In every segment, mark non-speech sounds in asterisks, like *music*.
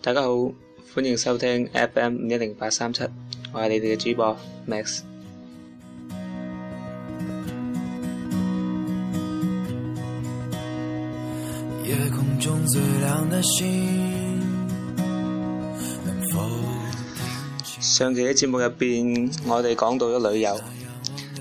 大家好，歡迎收聽 FM 五一零八三七，我係你哋嘅主播 Max。夜空中最亮的星。上期嘅節目入邊，我哋講到咗旅遊。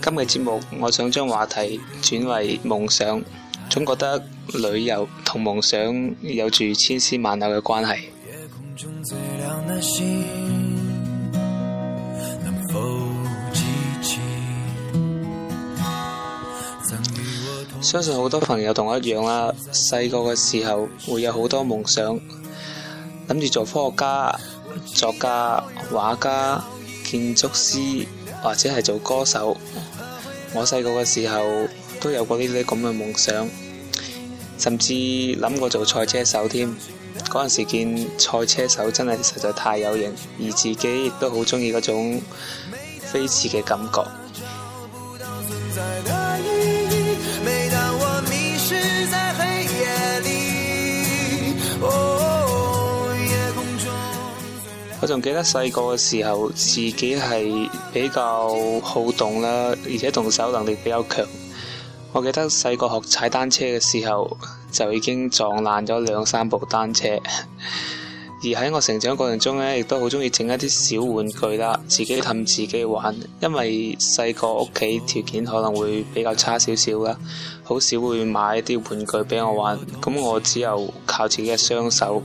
今日節目，我想將話題轉為夢想。總覺得旅遊同夢想有住千絲萬縷嘅關係。相信好多朋友同我一樣啊，細個嘅時候會有好多夢想，諗住做科學家、作家、畫家、建築師，或者係做歌手。我細個嘅時候都有過呢啲咁嘅夢想。甚至諗過做賽車手添，嗰陣時見賽車手真係實在太有型，而自己亦都好鍾意嗰種飛馳嘅感覺。每當我迷失在黑夜裡，oh, oh, oh, 夜空中最亮，我仲記得細個嘅時候，自己係比較好動啦，而且動手能力比較強。我記得細個學踩單車嘅時候就已經撞爛咗兩三部單車，而喺我成長過程中咧，亦都好中意整一啲小玩具啦，自己氹自己玩。因為細個屋企條件可能會比較差少少啦，好少會買一啲玩具俾我玩，咁我只有靠自己嘅雙手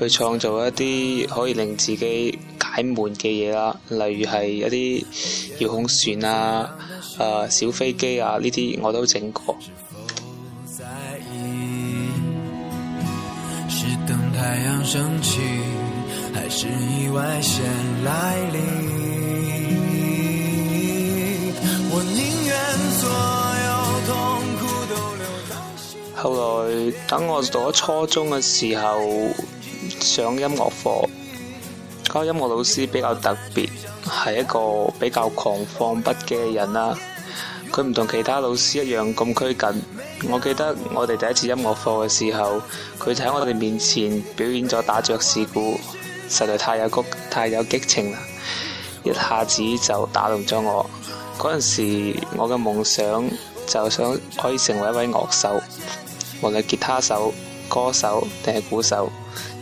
去創造一啲可以令自己，喺門嘅嘢啦，例如係一啲遙控船啊、誒、呃、小飛機啊呢啲，我都整過。後來，等我到咗初中嘅時候，上音樂課。個音樂老師比較特別，係一個比較狂放不羈嘅人啦。佢唔同其他老師一樣咁拘謹。我記得我哋第一次音樂課嘅時候，佢就喺我哋面前表演咗打爵士鼓，實在太有太有激情啦！一下子就打動咗我。嗰陣時，我嘅夢想就想可以成為一位樂手，無論吉他手、歌手定係鼓手，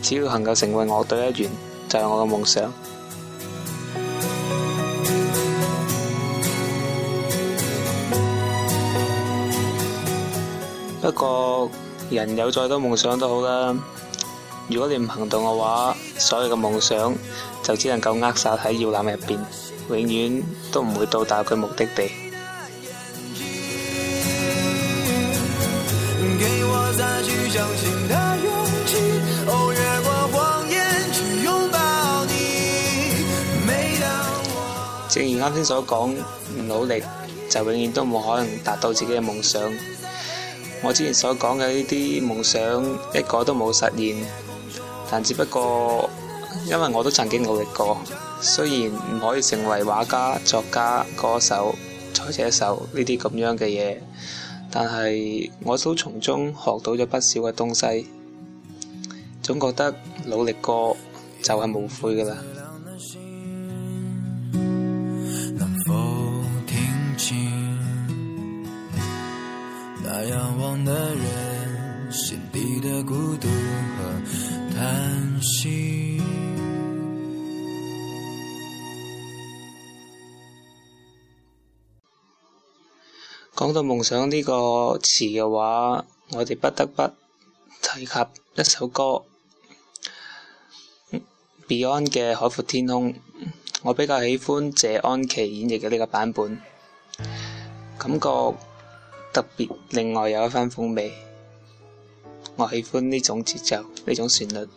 只要能夠成為樂隊一員。就係我嘅夢想。不過，人有再多夢想都好啦。如果你唔行動嘅話，所有嘅夢想就只能夠扼殺喺搖籃入邊，永遠都唔會到達佢目的地。正如啱先所講，唔努力就永遠都冇可能達到自己嘅夢想。我之前所講嘅呢啲夢想，一個都冇實現。但只不過，因為我都曾經努力過，雖然唔可以成為畫家、作家、歌手、賽車手呢啲咁樣嘅嘢，但係我都從中學到咗不少嘅東西。總覺得努力過就係、是、無悔噶啦。那仰望的人，心底的孤獨和嘆息。講到夢想呢個詞嘅話，我哋不得不提及一首歌，Beyond 嘅《海闊天空》。我比較喜歡謝安琪演繹嘅呢個版本，感覺。特別，另外有一番風味。我喜歡呢種節奏，呢種旋律。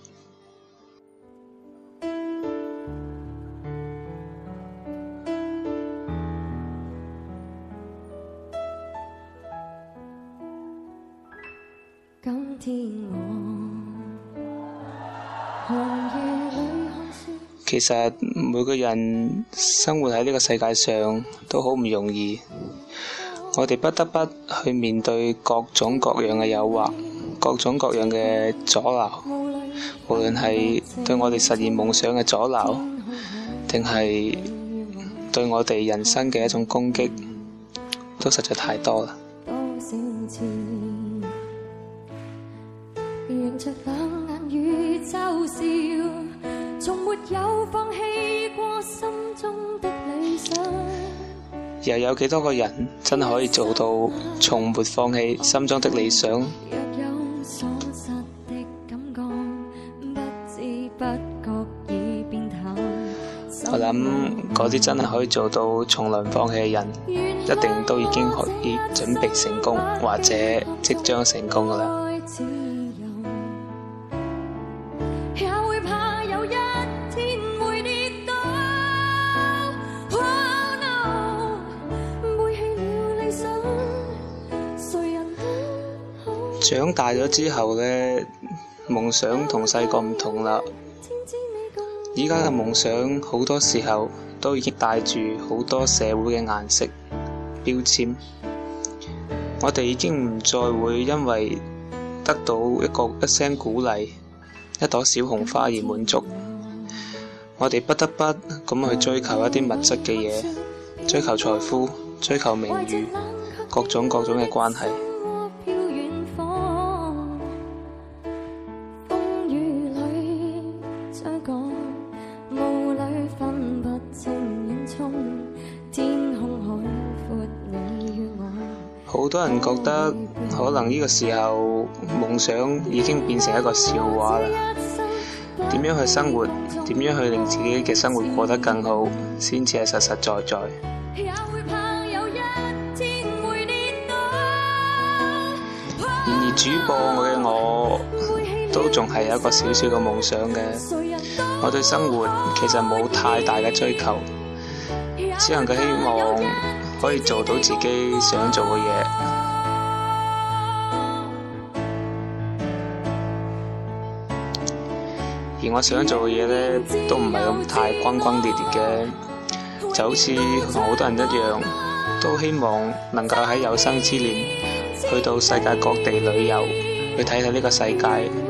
今天我，其實每個人生活喺呢個世界上都好唔容易。我哋不得不去面對各種各樣嘅誘惑，各種各樣嘅阻撓，無論係對我哋實現夢想嘅阻撓，定係對我哋人生嘅一種攻擊，都實在太多啦。又有幾多個人真係可以做到從沒放棄心中的理想？ *music* 我諗嗰啲真係可以做到從來放棄嘅人，一定都已經可以準備成功或者即將成功㗎啦。長大咗之後呢，夢想同細個唔同啦。依家嘅夢想好多時候都已經帶住好多社會嘅顏色標籤。我哋已經唔再會因為得到一個一聲鼓勵、一朵小紅花而滿足。我哋不得不咁去追求一啲物質嘅嘢，追求財富、追求名譽、各種各種嘅關係。好多人覺得可能呢個時候夢想已經變成一個笑話啦。點樣去生活？點樣去令自己嘅生活過得更好？先至係實實在在，在。然而主播我我嘅我。都仲係有一個小小嘅夢想嘅，我對生活其實冇太大嘅追求，只能夠希望可以做到自己想做嘅嘢。而我想做嘅嘢呢，都唔係咁太轟轟烈烈嘅，就好似同好多人一樣，都希望能夠喺有生之年去到世界各地旅遊，去睇睇呢個世界。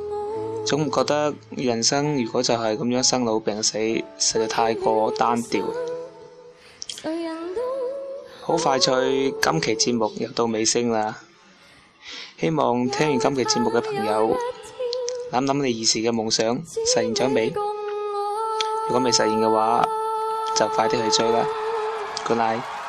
總覺得人生如果就係咁樣生老病死，實在太過單調。好快脆，今期節目又到尾聲啦！希望聽完今期節目嘅朋友，諗諗你兒時嘅夢想，實現咗未？如果未實現嘅話，就快啲去追啦！Good night。